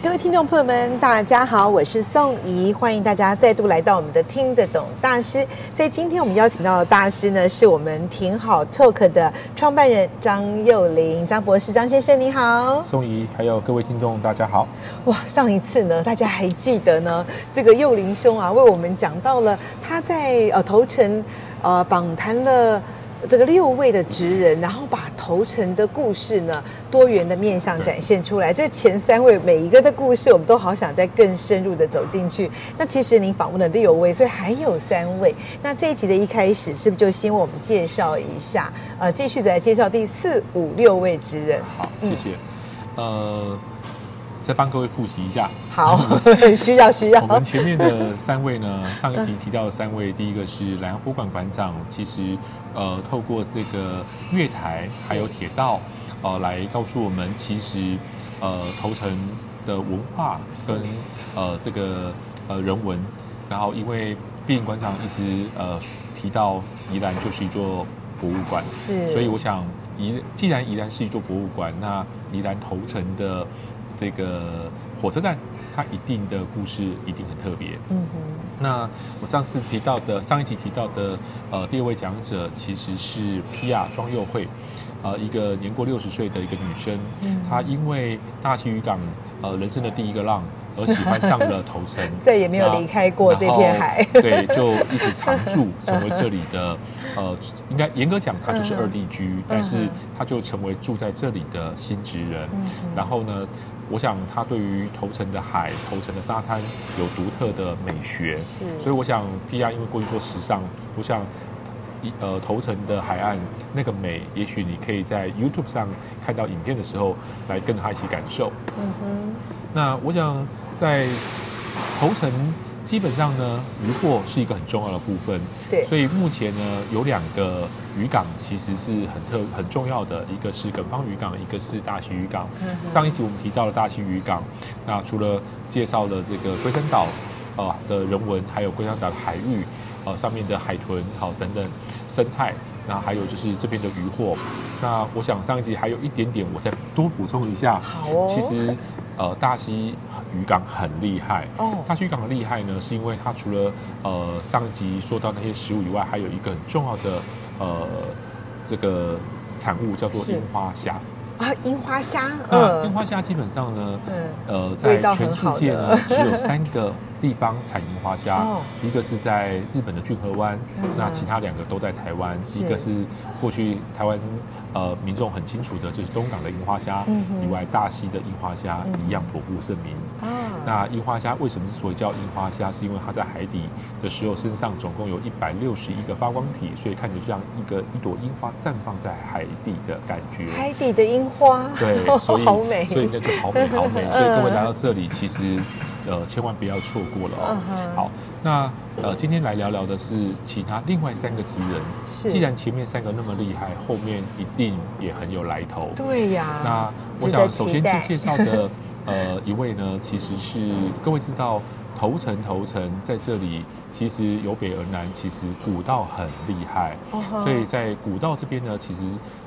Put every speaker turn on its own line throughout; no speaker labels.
各位聽眾朋友們，大家好，我是宋怡，歡迎大家再度來到我們的聽得懂大師。在今天我們邀請到的大師呢，是我們挺好 Talk 的創辦人張幼霖、張博士、張先生，你好。
宋怡，還有各位聽眾，大家好。
哇，上一次呢，大家還記得呢，這個幼霖兄啊，為我們講到了他在呃頭城，呃訪談了。這個六位的職人，然後把頭城的故事呢，多元的面向展現出來。對這前三位每一個的故事，我們都好想再更深入的走進去。那其實您訪問了六位，所以還有三位。那這一集的一開始，是不是就先我們介紹一下？呃，繼續再來介紹第四、五、六位職人。好，嗯、
謝謝。呃，再幫各位複習一下。好，需要、嗯、需要。 需要我們前面的三位呢， 上一集提到的三位， 第一個是蘭陽博物館館長，其實。呃，透過這個月台還有鐵道，呃，來告訴我們其實，呃，頭城的文化跟呃這個呃人文，然後因為館長一直呃提到宜蘭就是一座博物館，是，所以我想宜既然宜蘭是一座博物館，那宜蘭頭城的這個火車站。他一定的故事一定很特別。嗯哼那我上次提到的上一集提到的呃第二位講者其實是 Pia 莊又惠，呃，一個年過六十歲的一個女生，嗯、哼她因為大溪漁港呃人生的第一個浪而喜歡上了頭城，再 那也沒有離
開過後這片海。 對，就一直常住，成為這裡
的、嗯、哼呃，應該嚴格講，她就是二地居，但是她就成為住在這裡的新職人。嗯、哼然後呢，我想他對於頭城的海、頭城的沙灘有獨特的美學，是所以我想 P.R. 因為過去做時尚，不像呃，頭城的海岸那個美，也許你可以在 YouTube 上看到影片的時候來跟他一起感受。嗯哼。那我想在頭城。基本上呢，漁獲是一個很重要的部分。對，所以目前呢，有兩個漁港其實是很特很重要的，一個是耿方漁港，一個是大型漁港。嗯呵。上一集我們提到了大型漁港，那除了介紹了這個龜山島、呃、的人文，還有龜山島的海域、呃、上面的海豚好、哦、等等生態，那還有就是這邊的漁獲。那我想上一集還有一點點，我再多補充一下。
哦、其實。
呃，大溪漁港很厲害。哦，oh. 大溪漁港的厲害呢，是因為它除了呃上集說到那些食物以外，還有一個很重要的呃這個產物叫做櫻花蝦。
啊，櫻花蝦。啊、嗯，櫻花蝦
基本上呢，對呃，在全世界呢， 只有三個地方產櫻花蝦，哦，一個是在日本的駿河灣，嗯嗯，那其他兩個都在台灣，是一個是過去台灣呃民眾很清楚的就是東港的櫻花蝦，嗯、哼以外大溪的櫻花蝦一樣頗負盛名。哦那櫻花蝦為什麼之所以叫櫻花蝦，是因為它在海底的時候，身上總共有一百六十一個發光體，所以看着像一個一朵櫻花綻放在海底的感覺。海
底的櫻花，對，所以、哦、好美，所以那個好美好美，嗯、所以各位來到
這裡，其實呃，千萬不要錯過了哦、喔。嗯、哈好，那呃，今天來聊聊的是其他另外三個職人。是，既然前面三個那麼厲害，後面一定也很有來頭。對呀。那我想首先去介紹的。呃，一位呢，其實是各位知道，頭城頭城在這裡，其實由北而南，其實古道很厲害，所以在古道這邊呢，其實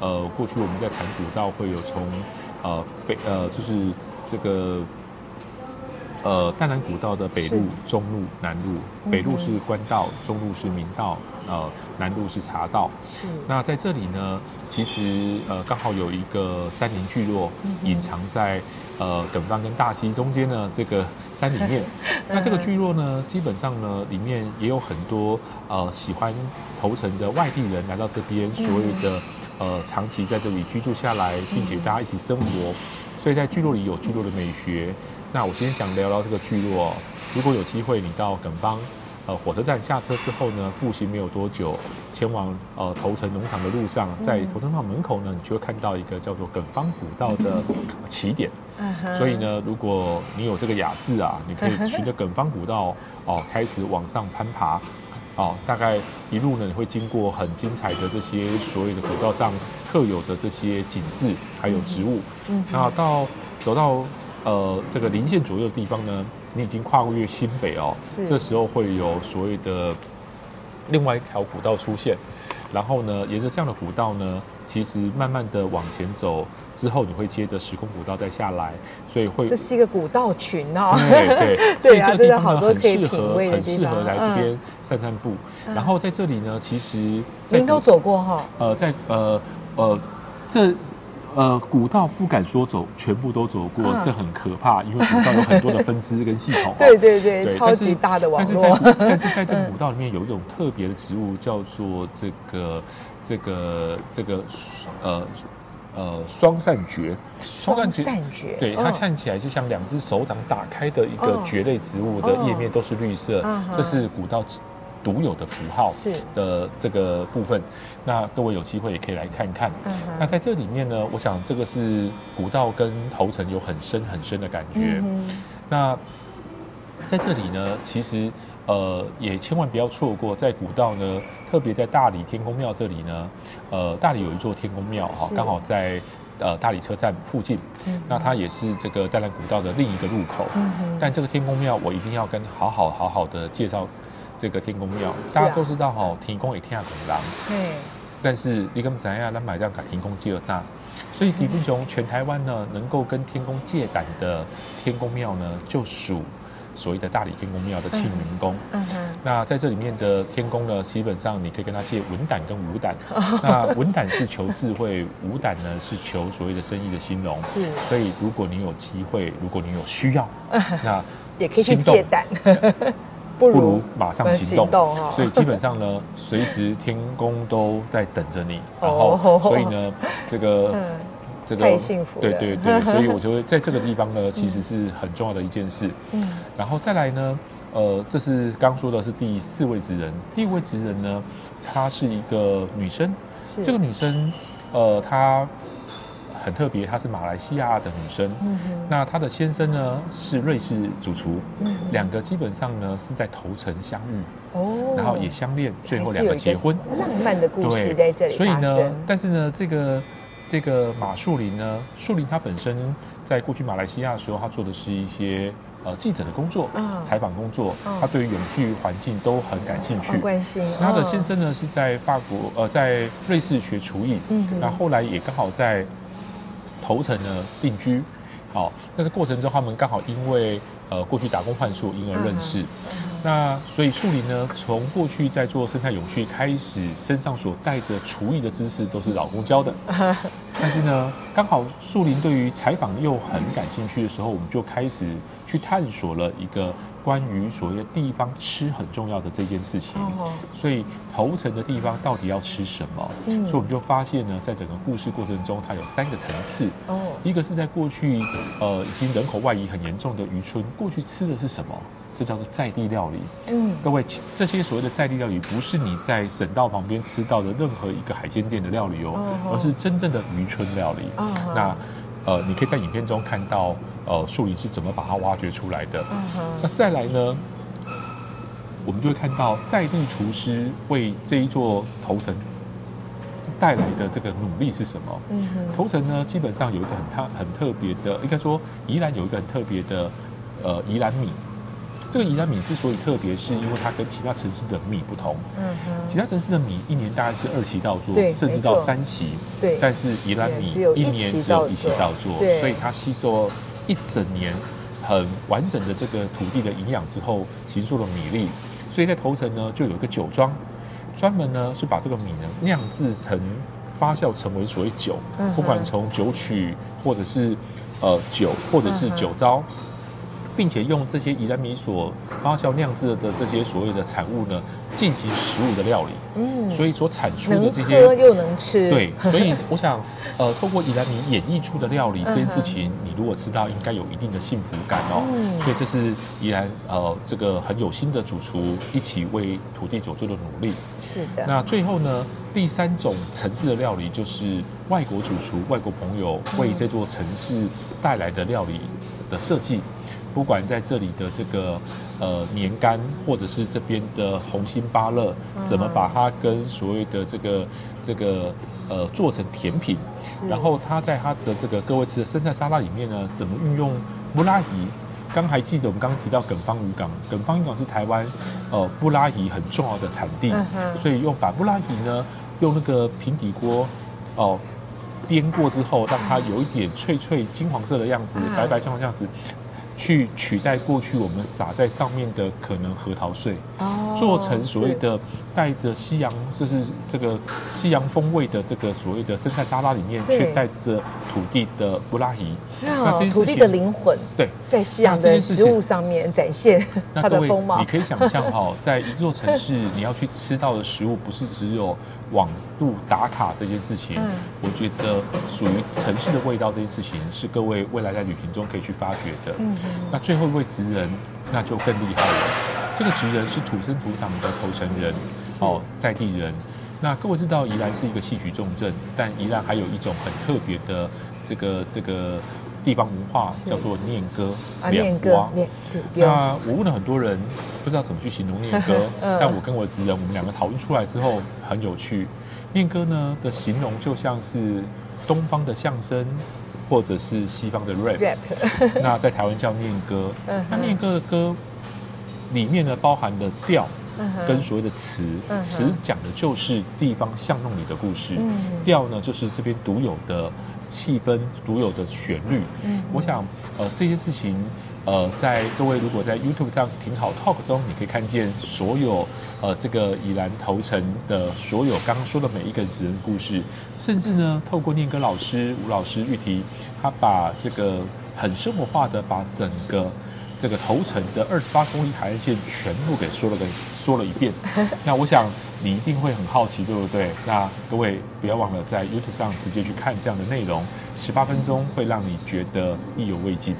呃，過去我們在談古道會有從呃北呃就是這個呃淡蘭古道的北路、是中路、南路，北路是官道，嗯、哼中路是民道，呃南路是茶道。是。那在這裡呢，其實呃剛好有一個山林聚落隱藏在、嗯。呃，梗枋跟大溪中間呢，這個山裡面， 那這個聚落呢，基本上呢，裡面也有很多呃喜歡頭城的外地人來到這邊，嗯、所有的呃長期在這裡居住下來，並且大家一起生活，嗯、所以在聚落裡有聚落的美學。嗯、那我今天想聊聊這個聚落、哦，如果有機會你到梗枋。呃，火車站下車之後呢，步行沒有多久，前往呃頭城農場的路上，嗯、在頭城農場門口呢，你就會看到一個叫做梗枋古道的起點。嗯、哼所以呢，如果你有這個雅致啊，你可以循着梗枋古道哦、呃、開始往上攀爬，哦、呃，大概一路呢，你會經過很精彩的這些所謂的古道上特有的這些景致，嗯、哼還有植物。嗯哼。那到走到呃這個林線左右的地方呢？你已經跨過越新北哦，是這時候會有所謂的另外一條古道出現，然後呢，沿着這樣的古道呢，其實慢慢的往前走之後，你會接着石空古道再下來，所以會這
是一個古道群哦，對對 對啊，這個地真的很多很適合很適合來這邊
散散步，嗯嗯、然後在這裡呢，其實您都走過哈、哦呃，呃，在呃呃這。呃，古道不敢說走全部都走過，啊、這很可怕，因為古道有很多的分支跟系統、啊。 對對對，對超級大的網絡，但是但是在。但是在這個古道裡面有一種特別的植物，嗯、叫做這個這個這個呃呃雙扇蕨。雙扇蕨，對、哦、它看起來就像兩隻手掌打開的一個蕨類植物的葉面、哦、都是綠色，嗯、這是古道獨有的符號，是的這個部分，是那各位有機會也可以來看一看。Uh huh，那在這裡面呢，我想這個是古道跟頭城有很深很深的感覺。Uh huh，那在這裡呢，其實呃也千萬不要錯過，在古道呢，特別在大理天公廟這裡呢，呃，大理有一座天公廟哈，剛，uh huh、好在呃大理車站附近。Uh huh，那它也是這個淡蘭古道的另一個入口。Uh huh，但這個天公廟我一定要跟好好好好的介紹。這個天公廟，大家都知道、哦，吼、啊，天公也天下公狼。嘿但是你跟怎樣來買這卡，天公就要大。所以，基本上全台灣呢，能夠跟天公借膽的天公廟呢，就屬所謂的大里天公廟的慶雲宮。嗯，那在這裡面的天公呢，基本上你可以跟他借文膽跟武膽。哦、那文膽是求智慧，呵呵武膽呢是求所謂的生意的興隆。是。所以，如果你有機會，如果你有需要，啊、那
也可以去借膽。呵呵
不如馬上行動，行動哦、所以基本上呢，隨時天公都在等着你。 然後，所以呢，這個、嗯、這個太幸福了。對對對，所以我覺得在這個地方呢， 其實是很重要的一件事。嗯，然後再來呢，呃，這是剛說的是第四位職人，第一位職人呢，她是一個女生。是這個女生，呃，她。很特別，她是馬來西亞的女生。嗯哼，那她的先生呢是瑞士主廚。嗯哼，兩個基本上呢是在頭城相遇。
哦，然後也
相戀，最後兩個結婚。浪漫的故事在這裡發生。所以呢，但是呢，這個這個馬樹林呢，樹林他本身在過去馬來西亞的時候，他做的是一些呃記者的工作，嗯、哦，採訪工作。嗯、哦，他對於永續環境都很感興趣。很、哦、
關心。哦、他的先
生呢是在法國，呃，在瑞士學廚藝。嗯哼，那後，後來也剛好在。頭城呢定居，好，那個過程中他們剛好因為呃過去打工換宿因而認識，嗯嗯、那所以樹林呢從過去在做生態永續開始，身上所帶着廚藝的知識都是老公教的，
嗯、
哼但是呢剛好樹林對於採訪又很感興趣的時候，我們就開始去探索了一個。關於所謂地方吃很重要的這件事情，所以頭城的地方到底要吃什麼？所以我們就發現呢，在整個故事過程中，它有三個層次。一個是在過去，呃，已經人口外移很嚴重的漁村，過去吃的是什麼？這叫做在地料理。各位，這些所謂的在地料理，不是你在省道旁邊吃到的任何一個海鮮店的料理哦，而是真正的漁村料理。那。呃，你可以在影片中看到，呃，樹林是怎麼把它挖掘出來的。Uh huh. 那再來呢，我們就會看到在地廚師為這一座頭城帶來的這個努力是什麼？Uh huh. 頭城呢，基本上有一個很特很特別的，應該說宜蘭有一個很特別的，呃，宜蘭米。這個宜蘭米之所以特別，是因為它跟其他城市的米不同。嗯嗯，其他城市的米一年大概是二期稻作，甚至到三期。對，但是宜蘭米一年只有一期稻作，所以它吸收一整年很完整的這個土地的營養之後，形塑了米粒。所以在頭城呢，就有一個酒莊，專門呢是把這個米呢釀製成發酵成為所謂酒，不管從酒麴或者是呃酒或者是酒或者是酒糟。並且用這些宜蘭米所發酵釀製的這些所謂的產物呢，進行食物的料理。嗯，所以所產出的這些，又
能吃。對，所以
我想，呃，透過宜蘭米演繹出的料理這件事情，你如果吃到，應該有一定的幸福感哦。嗯，所以這是宜蘭呃這個很有心的主廚一起為土地所做的努力。是的。那最後呢，第三種層次的料理就是外國主廚、外國朋友為這座城市帶來的料理的設計。不管在這裡的這個呃年干或者是這邊的紅心芭樂，嗯、怎麼把它跟所謂的這個這個呃做成甜品，是然後它在它的這個各位吃的生菜沙拉裡面呢，怎麼運用布拉意？剛還記得我們剛，剛提到梗枋漁港，梗枋漁港是台灣呃布拉意很重要的產地，嗯、所以用法布拉意呢，用那個平底鍋哦、呃、顛過之後，讓它有一點脆脆金黃色的樣子，嗯、白白相的樣子。去取代過去我們撒在上面的可能核桃碎，哦、做成所謂的帶着西洋，是就是這個西洋風味的這個所謂的生菜沙拉裡面，卻帶着土地的布拉怡，那，
好那土地的靈魂，對，在西洋的食物上面展現它的風貌。那各位，你可以想象哈，
哦，在一座城市你要去吃到的食物，不是只有。網路打卡這些事情，嗯、我覺得屬於城市的味道，這些事情是各位未來在旅行中可以去發掘的。嗯、那最後一位職人，那就更厲害了。這個職人是土生土長的頭城人，是哦，在地人。那各位知道，宜蘭是一個戲曲重鎮，但宜蘭還有一種很特別的這個這個。地方文化是叫做唸歌啊，唸歌，那我問了很多人，不知道怎麼去形容唸歌。 嗯、但我跟我的職人，我們兩個討論出來之後，很有趣。唸歌呢的形容，就像是東方的相聲，或者是西方的 rap, rap， 那在台灣叫唸歌。 那唸歌的歌裡面呢，包含的調跟所謂的詞， 嗯、詞講的就是地方巷弄裡的故事。嗯、調呢，就是這邊獨有的。氣氛獨有的旋律，我想，呃，這些事情，呃，在各位如果在 YouTube 上挺好 Talk 中，你可以看見所有，呃，這個宜蘭頭城的所有剛剛說的每一個職人故事，甚至呢，透過唸歌老師吳老師預提，他把這個很生活化的把整個。這個頭城的二十八公里海岸線全部給說了個說了一遍，那我想你一定會很好奇，對不對？那各位不要忘了在 YouTube 上直接去看這樣的內容，十八分鐘會讓你覺得意猶未盡。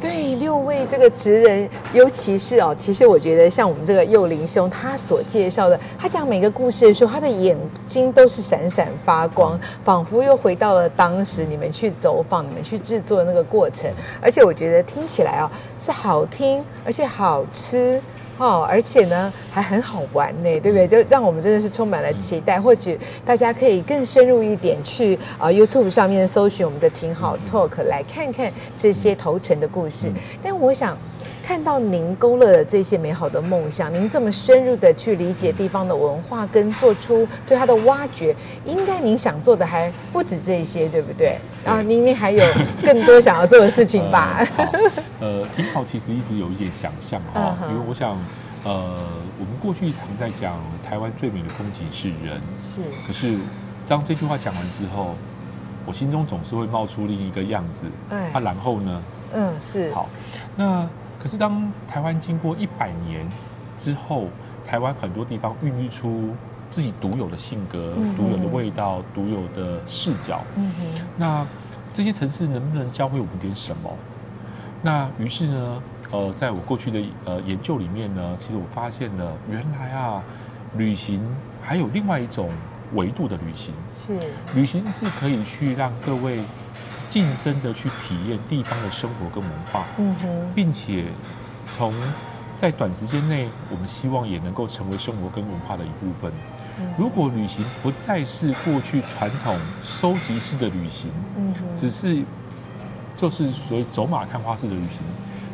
對，六位這個職人，尤其是哦，其實我覺得像我們這個幼霖兄，他所介紹的，他講每個故事的時候，他的眼睛都是閃閃發光，仿佛又回到了當時你們去走訪、你們去制作的那個過程。而且我覺得聽起來哦，是好聽而且好吃。哦，而且呢，還很好玩呢，對不對？就讓我們真的是充滿了期待，或許大家可以更深入一點去啊、呃、YouTube 上面搜尋我們的挺好的 Talk，來看看這些頭城的故事。但我想。看到您勾勒的這些美好的夢想，您這麼深入的去理解地方的文化，跟做出對它的挖掘，應該您想做的還不止這些，對不對？對啊，您您還有更多想要做的事情吧？
呃，挺好、呃、其實一直有一點想象哈、哦嗯、因為我想，呃，我們過去常在講台灣最美的風景是人，是。可是當這句話講完之後，我心中總是會冒出另一個樣子。嗯、哎，那、啊、然後呢？嗯，是。好，那。可是，當台灣經過一百年之後，台灣很多地方孕育出自己獨有的性格，嗯哼，獨有的味道、獨有的視角。嗯哼，那這些城市能不能教會我們點什麼？那於是呢，呃，在我過去的呃研究裡面呢，其實我發現了，原來啊，旅行還有另外一種維度的旅行。是，旅行是可以去讓各位。近身的去體驗地方的生活跟文化，嗯、哼並且從在短時間內，我們希望也能夠成為生活跟文化的一部分。嗯、哼如果旅行不再是過去傳統收集式的旅行，嗯、哼只是就是所謂走馬看花式的旅行，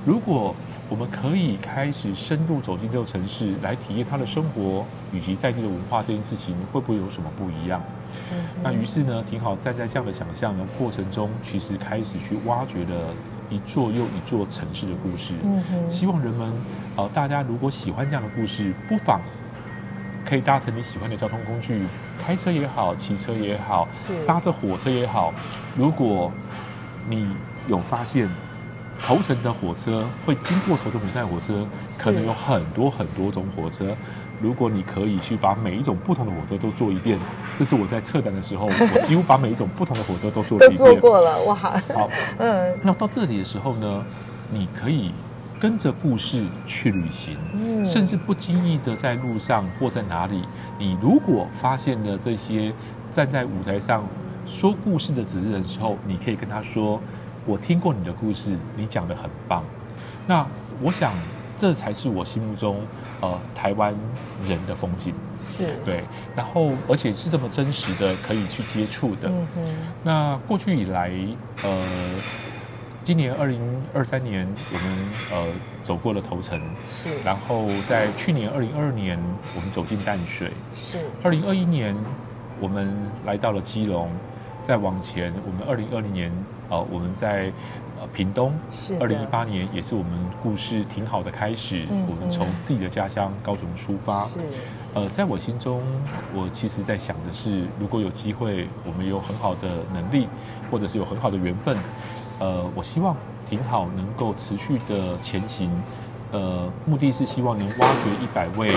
如果我們可以開始深度走進這座城市，來體驗他的生活以及在地的文化，這件事情會不會有什麼不一樣？嗯、那於是呢，挺好站在這樣的想象的過程中，其實開始去挖掘了一座又一座城市的故事。嗯、哼希望人們，哦、呃，大家如果喜歡這樣的故事，不妨可以搭乘你喜歡的交通工具，開車也好，騎車也好，是搭着火車也好。如果你有發現，頭城的火車會經過頭城的賽火車，是可能有很多很多種火車。如果你可以去把每一種不同的火車都坐一遍，這是我在策展的時候，我幾乎把每一種不同的火車都坐一遍。過了，我好，嗯。那到這裡的時候呢，你可以跟着故事去旅行，甚至不經意的在路上或在哪裡，你如果發現了這些站在舞台上說故事的職人的時候，你可以跟他說：“我聽過你的故事，你講得很棒。”那我想。這才是我心目中，呃，台灣人的風景，是對，然後而且是這麼真實的，可以去接觸的。嗯哼。那過去以來，呃，今年二零二三年，我們呃走過了頭城，是。然後在去年二零二二年，我們走進淡水，是。二零二一年，我們來到了基隆。再往前，我們二零二零年呃，我們在呃屏東，是二零一八年，也是我們故事挺好的開始。嗯嗯。我們從自己的家鄉高雄出發。是呃，在我心中，我其實在想的是，如果有機會，我們有很好的能力，或者是有很好的緣分，呃，我希望挺好能夠持續的前行。呃，目的是希望能挖掘一百位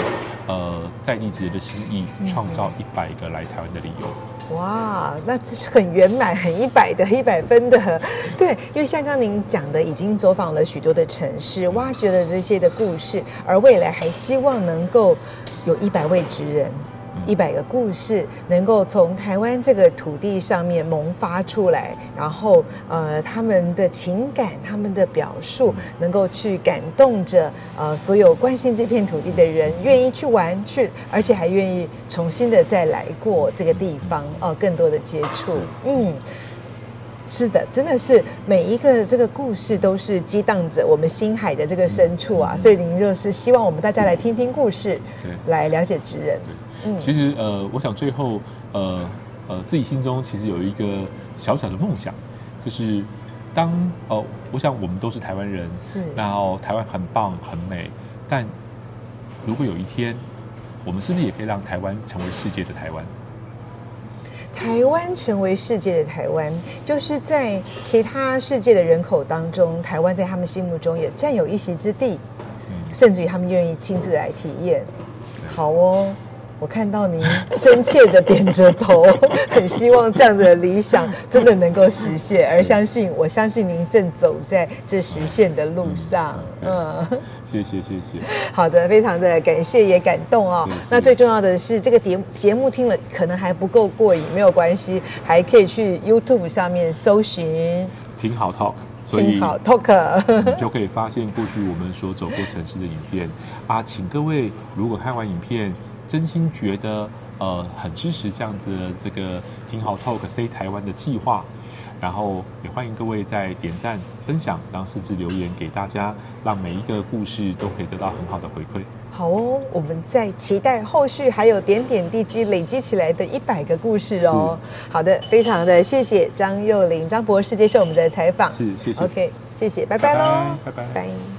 呃在地職人的心意，嗯嗯，創造一百個來台灣的理由。
哇，那這是很圓滿、很一百的，一百分的，對，因為像剛您講的，已經走訪了許多的城市，挖掘了這些的故事，而未來還希望能夠有一百位職人。一百個故事能夠從台灣這個土地上面萌發出來，然後呃，他們的情感、他們的表述，能夠去感動着呃所有關心這片土地的人，願意去玩去，而且還願意重新的再來過這個地方哦、呃，更多的接觸，嗯，是的，真的是每一個這個故事都是激盪着我們心海的這個深處啊，所以您就是希望我們大家來聽聽故事，對來了解職人。
其實呃，我想最後呃呃，自己心中其實有一個小小的夢想，就是當哦、呃，我想我們都是台灣人，是，然後台灣很棒很美，但如果有一天，我們是不是也可以讓台灣成為世界的台灣？
台灣成為世界的台灣，就是在其他世界的人口當中，台灣在他們心目中也占有一席之地，嗯、甚至於他們願意親自來體驗。對好哦。我看到您深切的點着頭， 很希望這樣的理想真的能夠實現，而相信我相信您正走在這實現的路上。嗯，
謝謝謝謝。
好的，非常的感謝也感動哦。謝謝，那最重要的是這個節節目聽了可能還不夠過癮，沒有關係，還可以去 YouTube 上面搜尋
“挺好 Talk”，所以，挺
好 Talk 啊，
你就可以發現過去我們所走過城市的影片。 啊，請各位如果看完影片。真心覺得，呃，很支持這樣子這個挺好 Talk Say 台灣的計劃，然後也歡迎各位在點讚、分享、當四字留言給大家，讓每一個故事都可以得到很好的回饋。
好哦，我們再期待後續還有點點滴滴累積起來的一百個故事哦。是好的，非常的謝謝張幼霖、張博士接受我們的採訪。是，謝謝。OK，謝謝，拜拜嘍，拜拜。